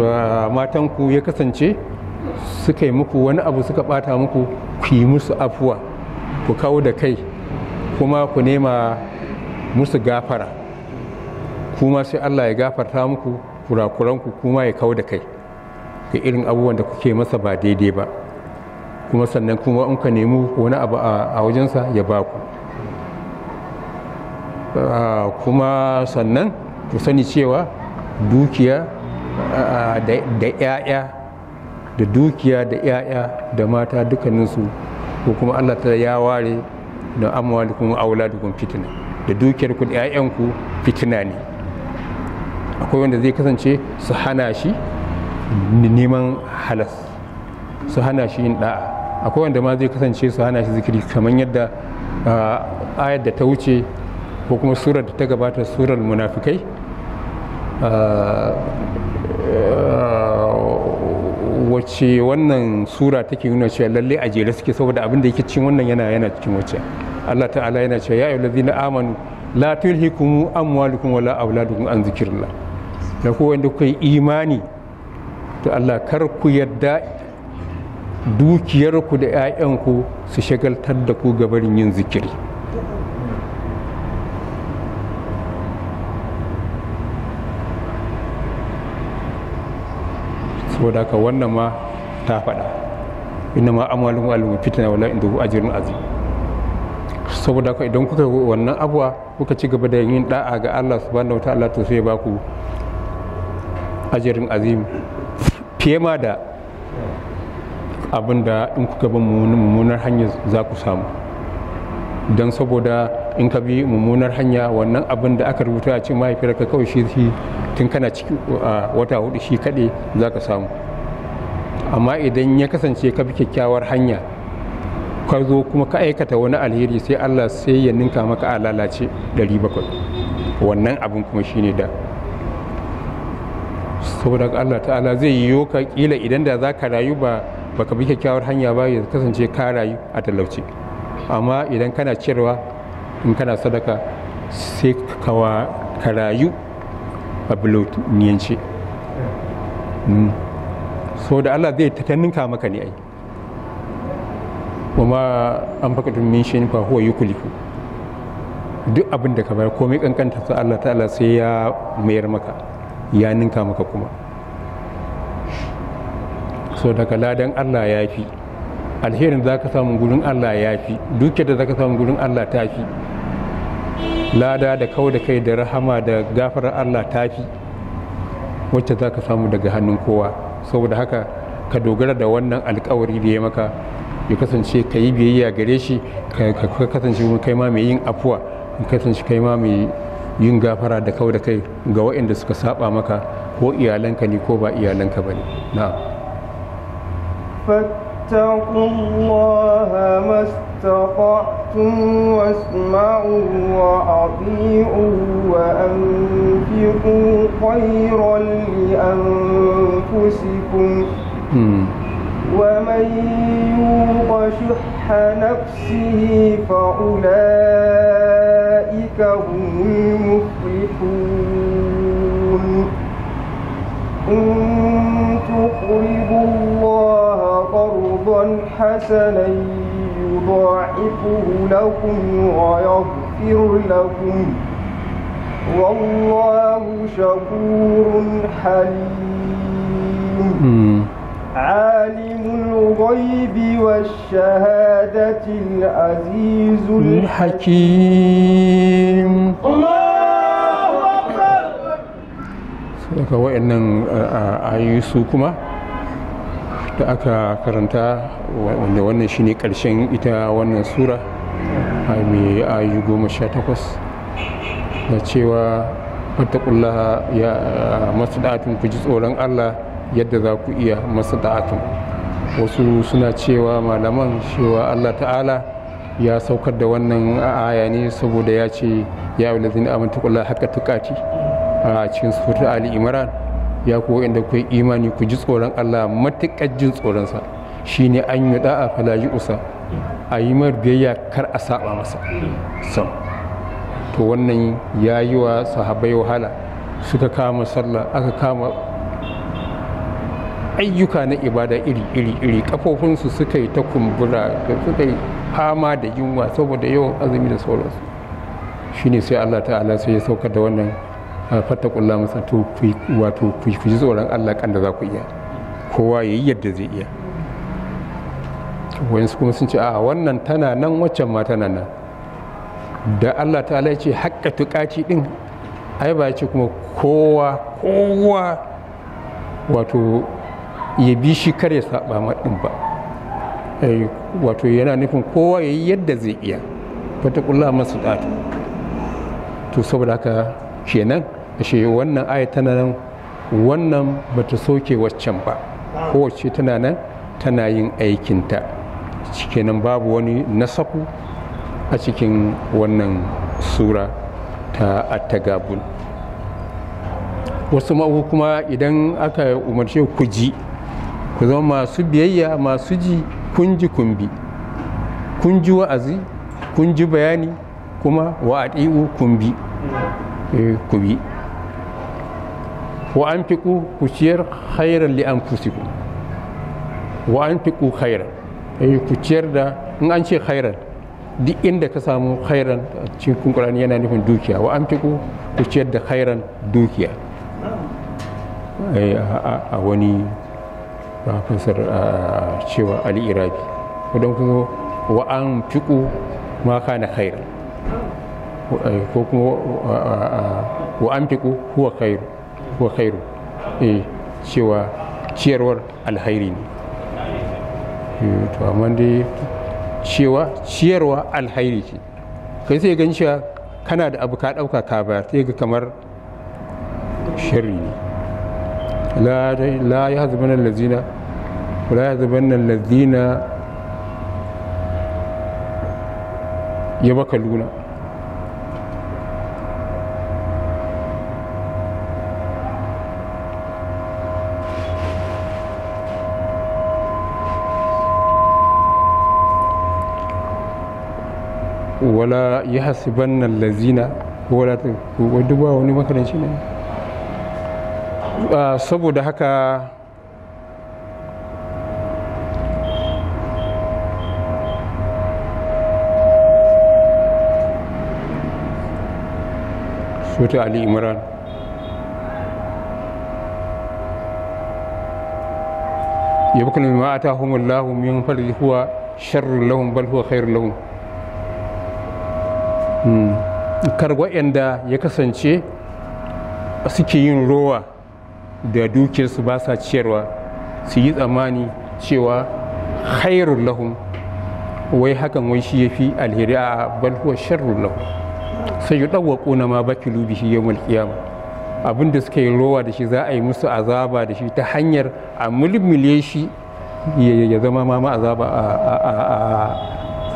ah, matanku ya kasance suka yi muku wani abu suka bata muku ku yi musu afuwa ku kawo da kai kuma ku nema musu gafara kuma sai allah ya gafarta muku kurakuranku kuma ya kawo da kai ga irin abubuwan da kuke masa ba daidai ba kuma sannan kuma in ka nemi wani abu a wajensa ya baku Ah, kuma sannan ku sani cewa dukiya ah, da 'ya'ya da dukiya da 'ya'ya da mata dukkaninsu ko kuma allah ta ya ware da amwalikum auladukum fitina da dukiyar ku da 'ya'yanku fitina ne akwai wanda zai kasance su hana shi neman halas su hana shi yin da'a akwai wanda ma zai kasance su hana shi zikiri kamar yadda ah, ayar da ta wuce ko kuma surar da ta gabata surar munafikai ah, ah, wace wannan sura take nuna cewa lalle a jere suke saboda abin da yake cikin wannan yana yana cikin wacce Allah ta'ala yana cewa ya ayyuhallazi na amanu la tulhikum amwalukum wala auladukum an zikrillah da ko wanda kuka yi imani to Allah kar ku yadda dukiyarku da ƴaƴanku su shagaltar da ku gabarin yin zikiri saboda haka wannan ma ta faɗa inna ma amalin wa'alin fitina wala inda hu ajirin azim saboda haka idan kuka wannan abuwa kuka ci gaba da yin da'a ga Allah subhanahu wataala to sai ba ku ajirin azim fiye ma da abin da in kuka bi mummunar hanya za ku samu don saboda in ka bi mummunar hanya wannan abin da aka rubuta a cikin mahaifiyarka kawai shi tun kana cikin wata hudu shi kaɗai za ka samu amma idan ya kasance ka bi kyakkyawar hanya ka zo kuma ka aikata wani alheri sai allah sai ya ninka maka a lalace 700 wannan abin kuma shi ne da saboda allah ta'ala zai yiwu ka kila idan da za ka rayu ba baka bi kyakkyawar hanya ba ya kasance ka rayu a talauci amma idan kana ciyarwa in kana sadaka sai ka rayu a bulotniyance hmm. so da allah zai ta ninka maka ne ai kuma an faka min shi fa huwa yukulifu duk abin da ka bayar komai kankanta ta allah ta'ala sai ya mayar maka ya ninka maka kuma so daga ladan allah ya fi alherin za ka samu gurin allah ya fi duk da za ka samu gurin allah ta fi lada da kau da kai da rahama da gafarar allah tafi wacce za ka samu daga hannun kowa saboda haka ka dogara da wannan alkawari da ya maka ya kasance ka yi biyayya gare shi ka kasance kai ma mai yin afuwa ka kasance kai ma mai yin gafara da kau da kai ga waɗanda suka saba maka ko iyalanka ne ko ba iyalanka ba ne na'am
فاتقوا الله ما استطعتم واسمعوا وأطيعوا وأنفقوا خيرا لأنفسكم ومن يوق شح نفسه فأولئك هم المفلحون إن تقرضوا الله قرضا حسنا يضاعفه لكم ويغفر لكم والله شكور
حليم
عالم الغيب والشهادة العزيز
الحكيم
الله
أكبر صدق وإن آيسو da aka karanta wanda wannan shine karshen ita wannan sura mai ayu goma sha takwas na cewa fattakullaha ya da'atun ku ji tsoron allah yadda za ku iya da'atun wasu suna cewa malaman cewa allah ta'ala ya saukar da wannan aya ne saboda ya ce ya yi lazini amintakullaha haka tukati a cikin sufutu ali imran ya kuwa inda kuwa imani ku ji tsoron Allah matuƙar jin tsoronsa shi ne an yi da'a falaji usa a yi mar biyayya kar a saba masa sam to wannan ya yi wa sahabai wahala suka kama sallah aka kama ayyuka na ibada iri-iri iri kafofinsu suka yi ta kumbura da suka yi fama da yunwa saboda yawan azumi da sauransu Shi ne sai allah ta'ala sai ya sauka da wannan Ah, fattakulla masa to wato ku ji tsoron Allah kan da za ku iya kowa ya yi yadda zai iya su kuma sun ce a wannan tana nan waccan ma tana nan da Allah ta ala ce haƙƙa tuƙaci ɗin ai ba ce kuma kowa kowa wato ya bi shi kar ya saba maɗin ba eh, wato yana nufin kowa ya yi yadda zai iya fatakullah masa ɗato to saboda haka kenan shi wannan ayi tana nan wannan bata soke waccan ba kowace tana nan tana yin aikinta kenan babu wani nasaku a cikin wannan sura ta attagabun wasu ma'u kuma idan aka umarce ku ji ku zama masu biyayya masu ji kun ji kun kun ji wa'azi kun ji bayani kuma wa'adi'u kun bi eh, bi wa an fiku ku ciyar khairan li an fusiku wa an fiku khairan eh, ku ciyar da in an ce khairan duk inda ka samu khairan cikin qur'ani yana nufin dukiya wa an fiku ku ciyar da khairan dukiya eh, a wani fasar cewa ali irabi wadon kuma wa an fiku ma kana khairan eh, ko kuma wa an fiku huwa khairu huwa khairu eh cewa ciyarwar alhairi ne eh, to amma dai cewa ciyarwa alhairi ce kai sai gan cewa kana da abu ka dauka ka ba sai ga kamar sharri ne la ya yahzabanna allazina ya yahzabanna allazina luna. wala ya hasiban nan lazina wala ta duk ba wani makaranci ne ah, saboda haka sota ali imran yabkun mimma atahumullahu min fadlihi huwa sharrun lahum bal huwa khairun lahum Hmm. kar waɗanda ya kasance suke yin rowa da dukiyarsu ba sa ciyarwa su yi tsammani cewa hairun lahum wai hakan wai shi ya fi alheri a balhuwa sharrun lahum sai yi ɗauwa na ma bakilu shi yau mulkiyama abin da suka yi rowa da shi za a yi musu azaba da shi ta hanyar a mulmule shi ya zama ma azaba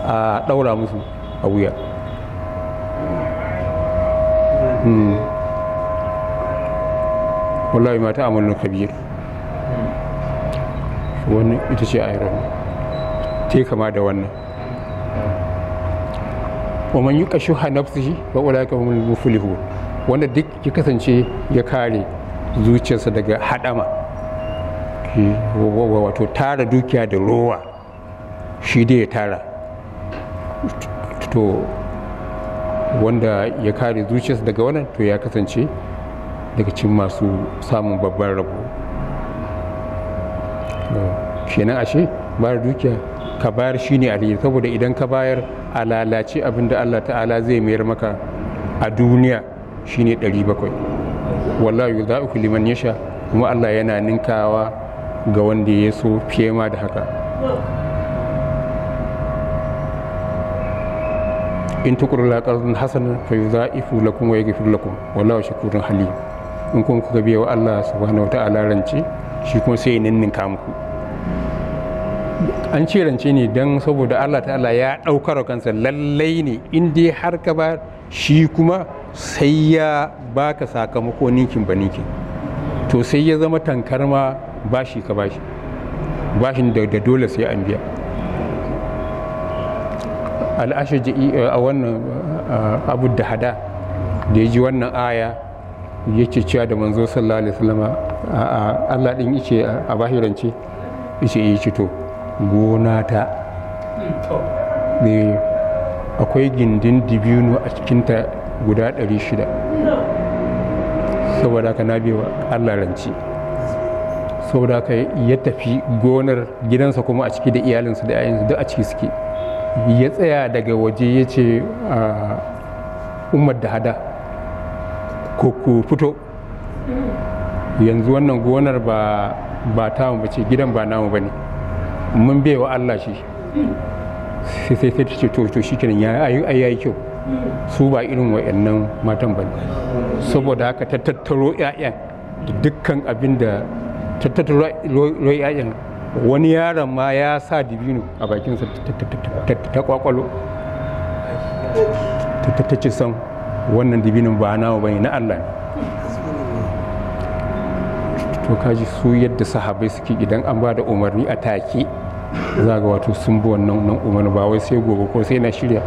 a ɗaura musu a wuya Hmm. wallahi mata amalin kabir wani ita ce yaron te kama da wannan wa man yuka shuha nafsihi wa ulaika humul muflihun wanda duk ya kasance ya kare zuciyarsa daga hadama wato tara dukiya da rowa shi dai ya tara to wanda ya kare zuciyarsa daga wannan to ya kasance daga cikin masu samun babban rabo kenan ashe bayar dukiya ka bayar shi ne alheri saboda idan ka bayar a lalace abin da Allah ta'ala zai mayar maka a duniya shi ne 700 wallahi ku liman yasha kuma Allah yana ninkawa ga wanda ya so fiye ma da
haka
in tukur la qardun hasanan fa yudha'ifu lakum wa yaghfir lakum wallahu shakurun halim in kun kuka biya wa Allah subhanahu ta'ala rance shi kuma sai ya ninninka muku an ce rance ne don saboda Allah ta'ala ya ɗaukar kansa lallai ne in dai har ka ba shi kuma sai ya baka sakamako ninkin ba ninkin to sai ya zama tankar ma bashi ka bashi bashin da dole sai an biya al'ashaji eh, a wannan eh, abu da hada da ya ji wannan aya ce cewa da manzo sallallahu alaihi wasallama Allah din yake a bahirance yake eh, yi to gona ta akwai gindin dibino a cikinta guda 600 saboda haka na biya Allah ranci saboda haka ya tafi gonar gidansa kuma a ciki da iyalinsa da 'ya'yansa duk a ciki suke ya tsaya daga waje ya ce umar da hada ko ku fito yanzu wannan gonar ba ta mu gidan ba namu ba ne mun bai wa allah shi sai sai sai ce to to kenan ya yi kyau su ba irin wayannan matan ba ne saboda haka ta tattaro 'ya'yan dukkan abin da ta tattaro 'ya'yan wani yaron ma ya sa dibino a bakinsa ta kwakwalo ta ci san wannan dibinin ba nawa bane na Allah ne to kaji su yadda sahabai suke idan an ba da umarni a take za ga wato sun bi wannan umarni ba wai sai gobe ko sai na shirya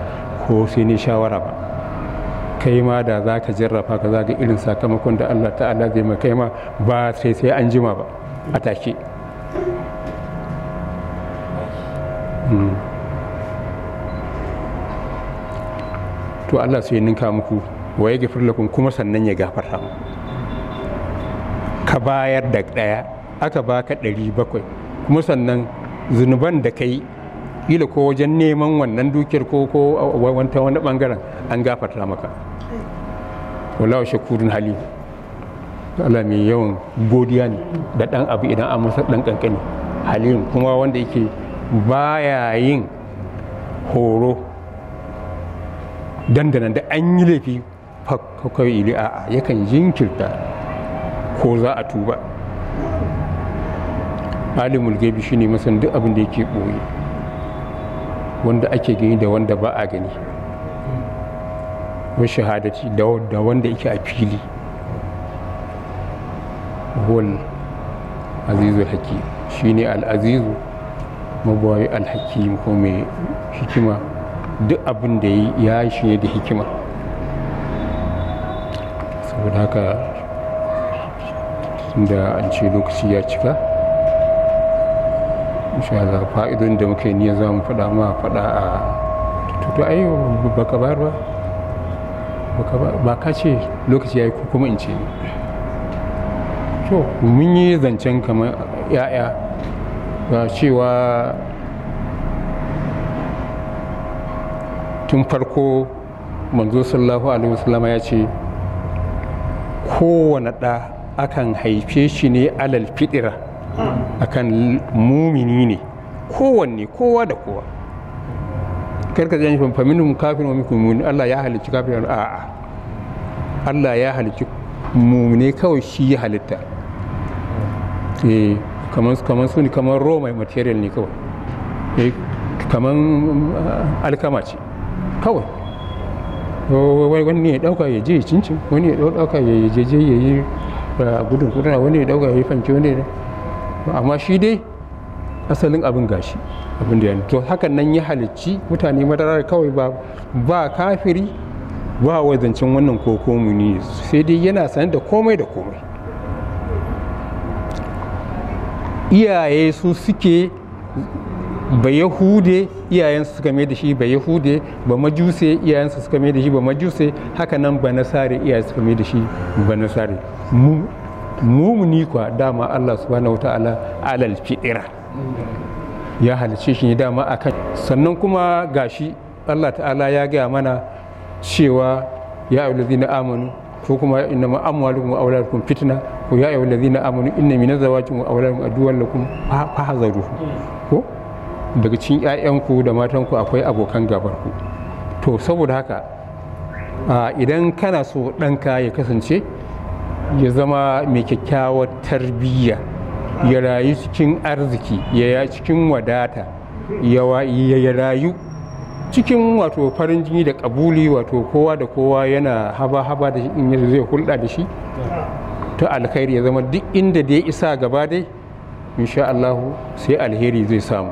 ko sai ne shawara ba kai ma da za ka jarrafa ka za ga irin sakamakon da Allah ta'ala zai ma kai ma ba sai sai an jima ba a take to Allah sai ninka muku wa ya gafir lakum kuma sannan ya gafarta mu ka bayar da ɗaya aka baka ɗari bakwai kuma sannan zunuban da kai kila ko wajen neman wannan dukiyar ko ko wanta wani bangaren an gafarta maka wallahi shakurun halim Allah mai yawan godiya ne da ɗan abu idan an masa ɗan ƙanƙani halim kuma wanda yake baya yin horo dandanan da an yi laifi kawai ili a yakan jinkirta ko za a tuba alimul gaibi shine masan duk abin da yake ɓoye wanda ake gani da wanda ba a gani wa shahadaci da wanda yake a fili wal azizul hakim shine al azizu mabuwayi alhakim ko mai hikima duk abin da ya shi ne da hikima saboda haka da an ce lokaci ya cika inshallah fa'idon da muka yi niyan za mu faɗa ma faɗa a tutu ai baka bayar ba ba ka ce lokaci ya yi kuma in ce ne to mun yi zancen kamar 'ya'ya na cewa tun farko manzo sallallahu alaihi wasallama ya ce kowane ɗa akan haife shi ne alal fidira akan mumini ne kowanne kowa da kowa karka zai shi faminum kafin wa minkum mumini Allah ya halicci kafin a'a Allah ya halicci mumini kawai shi ya halitta eh kamar su ne kamar raw mai material ne kawai eh, kamar ah, alkama ce kawai wani ya dauka ya je cincin wani ya dauka ya je je ya yi ah, gudun kudura wani ya dauka ya yi fanke wani ya amma shi dai asalin abin gashi abin da yana to hakan nan ya halicci mutane madara kawai ba ba kafiri ba wazancin wannan koko muni sai dai yana sanar da komai da komai iyaye su suke ba yahude iyayen suka mai da shi ba yahude ba majuse iyayensu suka mai da shi ba majuse haka nan ba nasare iyayen suka mai da shi ba nasare ni kwa dama Allah subhanahu wata'ala alal fitira ya halice shi ne dama akan sannan kuma gashi Allah ta'ala ya gaya mana cewa ya ayyuhallazina amanu ko kuma inna ma amwalukum wa auladukum fitna ko ya ayyuhal ladina amanu inna min azwajikum wa auladukum aduwwan lakum ruhu ko daga cikin 'ya'yanku da matanku akwai abokan gabarku to saboda haka idan kana so ɗanka ya kasance ya zama mai kyakkyawar tarbiyya ya rayu cikin arziki ya cikin wadata ya rayu cikin wato farin jini da kabuli wato kowa da kowa yana haba-haba da in yanzu zai hulɗa da shi ta alkhairi ya zama duk inda da ya isa gaba dai insha Allah sai alheri zai samu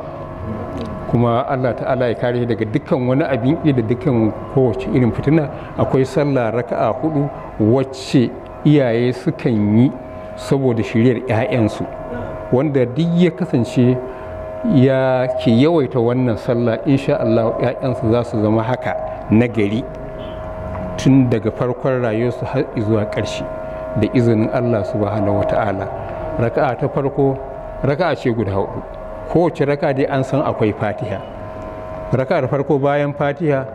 kuma Allah ta'ala ya kare daga dukkan wani abin da dukkan kowace irin fitina akwai sallah raka'a hudu wacce iyaye sukan yi saboda shiryar 'ya'yansu wanda duk ya kasance ya ke yawaita wannan sallah insha Allah ‘ya'yansa za su zama haka na gari tun daga farkon rayuwarsu har zuwa ƙarshe da izinin Allah subhanahu wa ta'ala raka'a ta farko raka'a ce guda hudu kowace raka dai an san akwai fatiha raka'a da farko bayan fatiha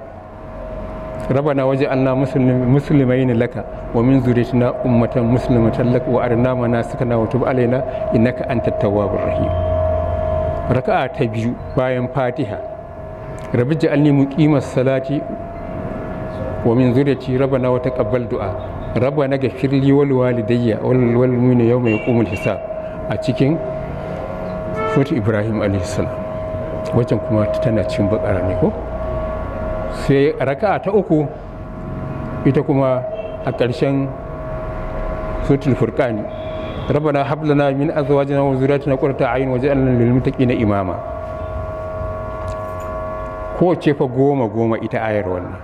na waje allah musulmai ne laka wa min na ummatan muslimatan laka wa arna mana suka na wa tub alaina innaka antat tawwabur rahim raka'a ta biyu bayan fatiha rabi ja'alni muqimas salati wa min zuriyati rabbana wa taqabbal du'a rabbana ghfir li wal walidayya wal wal mu'minu yawma yaqumul hisab a cikin fotu ibrahim alayhi salam wajen kuma tana cikin bakara ne ko sai raka'a ta uku ita kuma a ƙarshen sutul furqani ربنا هب لنا من ازواجنا وذرياتنا قرة اعين واجعلنا للمتقين اماما ce fa goma goma ita ayar wannan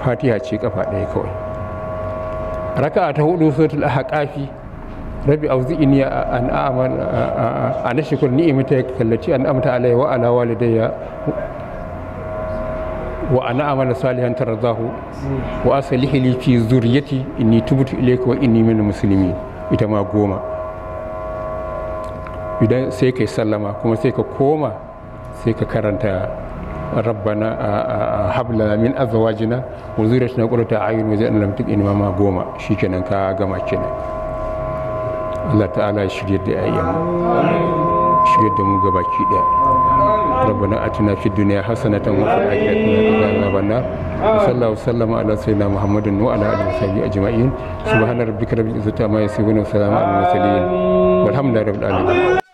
fatiha ce kafa ɗaya kawai raka'a ta hudu suratul ahqafi rabbi auzi'ini an a'mal an ashkur ni'imata kallati an amta alayya wa ala walidayya wa ana amala salihan tarzahu wa aslih li fi zurriyati inni tubtu ilayka wa inni minal muslimin ita ma goma idan sai ka yi sallama kuma sai ka koma sai ka karanta rabbana a habla min azwajina wa zuriyyatina qurrata a'yun wa ja'alna lil muttaqina ma goma shi kenan ka gama kenan Allah ta'ala ya shirya da ayyan shirya da mu gabaki daya rabbana atina fid dunya hasanatan wa fil akhirati hasanatan wa qina adhaban nar sallallahu sallama ala sayyidina muhammadin wa ala alihi wa sahbihi ajma'in subhana rabbika rabbil izzati amma yasifun wa salamun alal mursalin walhamdulillahi rabbil alamin